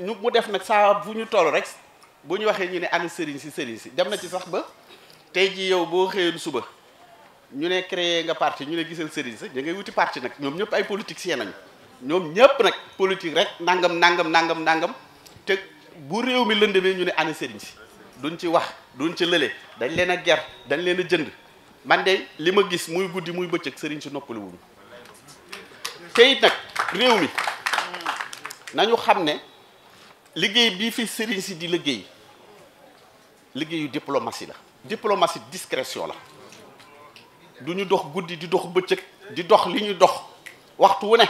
ñu mu def nag saa bu ñu toll rek bu ñu waxee ñu ne ana sëriñ si sëriñ si dem na ci sax ba tey jii yow boo xëyoon suba ñu ne créé nga parti ñu ne gisal sëriñ sa da ngay wuti parti nag ñoom ñëpp ay politiciens ñoom ñëpp nag politique rek nangam nangam nangam nangam te bu réew mi lëndëmee ñu ne ana sëriñ si duñ ci wax duñ ci lële dañ leen a ger dañ leen a jënd man de li ma gis muy guddi muy bëccëg sëriñ si noppali wuñu te it nag réew mi nañu xam ne. liggéey bi fi serigne si di liggéey liggéeyu diplomatie la diplomatie discrétion la duñu dox guddi di dox bëccëg di dox li ñu dox waxtu wu ne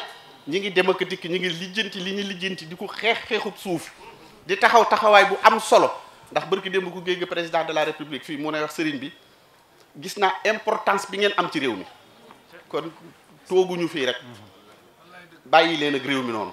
ñi ngi dem ak dikk ñi ngi lijjanti li ñu lijjanti di ko xeex suuf di taxaw taxawaay bu am solo ndax barki démb ku géej président de la république fii mu ne wax serigne bi gis naa importance bi ngeen am ci réew mi kon tooguñu fii rek bàyyi leen ak réew mi noonu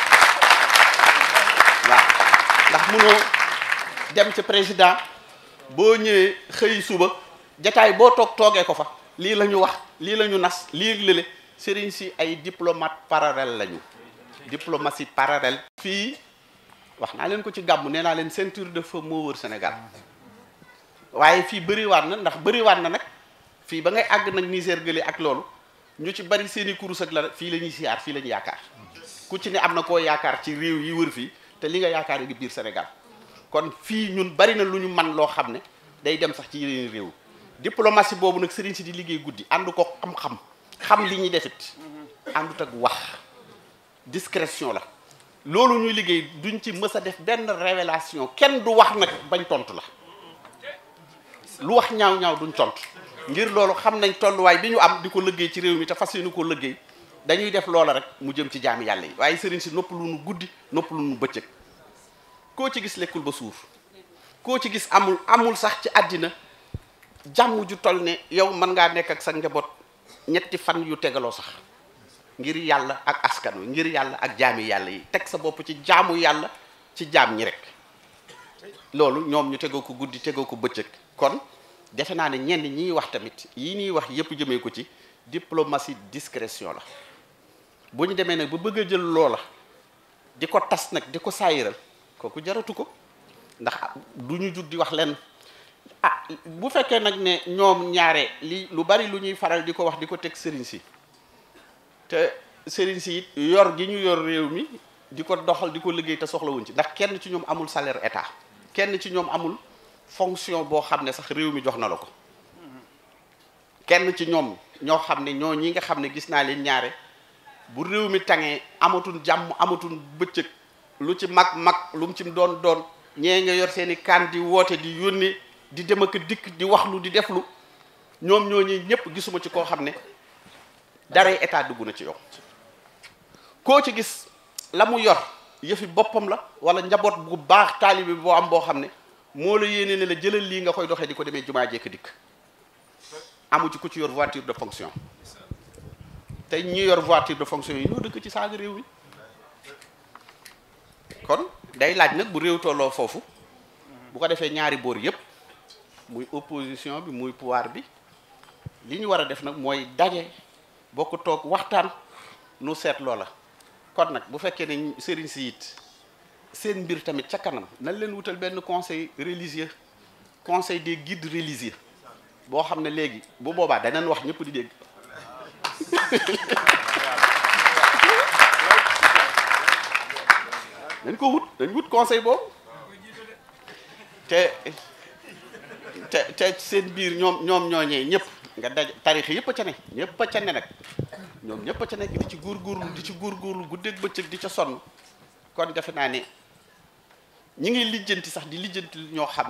ndax munoo dem ca président boo ñëwee xëy suba jataay boo toog toogee ko fa lii la ñu wax lii lañu nas lii lële sëriñ si ay diplomate parallèle lañu diplomatie parallèle fii wax naa leen ko ci gàmmu nee naa leen ceinture de feu moo wër Sénégal waaye fii bëriwaat na ndax bari waat na nag fii ba ngay àgg nag Niger gële ak loolu ñu ci bari seen i ak la fii la ñuy siyaar fii la ñu yaakaar ku ci ne am na koo yaakaar ci réew yi wër fii te li nga yaakaar ngi biir Sénégal kon fii ñun bari na lu ñu man loo xam ne day dem sax ci yeneen réew diplomatie boobu nag sëriñ si di liggéey guddi ànd ko xam-xam xam li ñuy defit àndut ak wax discrétion la loolu ñuy liggéey duñ ci mës a def benn révélation kenn du wax nag bañ tontu la lu wax ñaaw ñaaw duñ tontu ngir loolu xam nañ tolluwaay bi ñu am di ko liggéey ci réew mi te fas yéene ko liggéey dañuy def loolu rek mu jëm ci jaami yàlla yi waaye sëriñ si nopp lu nu guddi nopp lu nu bëccëg koo ci gis lekkul ba suur koo ci gis amul amul sax ci àddina jàmm ju toll ne yow mën ngaa nekk ak sa njaboot ñetti fan yu tegaloo sax ngir yàlla ak askan wi ngir yàlla ak jaami yàlla yi teg sa bopp ci jaamu yàlla ci jaam ñi rek loolu ñoom ñu tegoo ko guddi tegoo ko bëccëg kon defe naa ne ñenn ñiy wax tamit yi ñuy wax yépp jëmee ko ci diplomatie discrétion la bu ñu demee nag ba bëgg a jël loola di ko tas nag di ko saayiral kooku jaratu ko ndax du ñu jug di wax lenn ah bu fekkee nag ne ñoom ñaare li lu bari lu ñuy faral di ko wax di ko teg sëriñ si te sëriñ si it yor gi ñu yor réew mi di ko doxal di ko liggéey te soxlawuñ ci ndax kenn ci ñoom amul salaire état kenn ci ñoom amul fonction boo xam ne sax réew mi jox na la ko kenn ci ñoom ñoo xam ne ñoo ñi nga xam ne gis naa leen ñaare bu réew mi tangee amatuñ jàmm amatuñ bëccëg lu ci mag mag lu mu ci doon doon ñee nga yor seen i kaan di woote di yónni di dem ak dikk di wax lu di deflu ñoom ñooñu ñëpp gisuma ci koo xam ne daray état dugg na ci yow koo ci gis la mu yor yëfi boppam la wala njaboot bu baax taalibe boo am boo xam ne moo la yéene ne la jëlal lii nga koy doxee di ko demee jumaa jekk dikk amu ci ku ci yor voiture de fonction tey ñu yor voiture de fonction yi ñoo dëkk ci saaga réew mi kon day laaj nag bu réew tolloo foofu bu ko defee ñaari boor yëpp muy opposition bi muy pouvoir bi li ñu war a def nag mooy daje bokk toog waxtaan nu seet loola kon nag bu fekkee ne sëriñ si it seen mbir tamit ca kanam nañ leen wutal benn conseil religieux conseil des guides religieux boo xam ne léegi bu boobaa danañ wax ñëpp di dégg dañ ko wut dañ wut conseil boobu te te te seen biir ñoom ñoom ñooñee ñëpp nga daj tarix yëpp a ca ne ñëpp a ca ne ñoom ñëpp a ca nekk di ci góorgóorlu di ci góorgóorlu guddeeg bëccëg di ca sonn kon defe naa ne ñi ngi lijjanti sax di lijjanti ñoo xam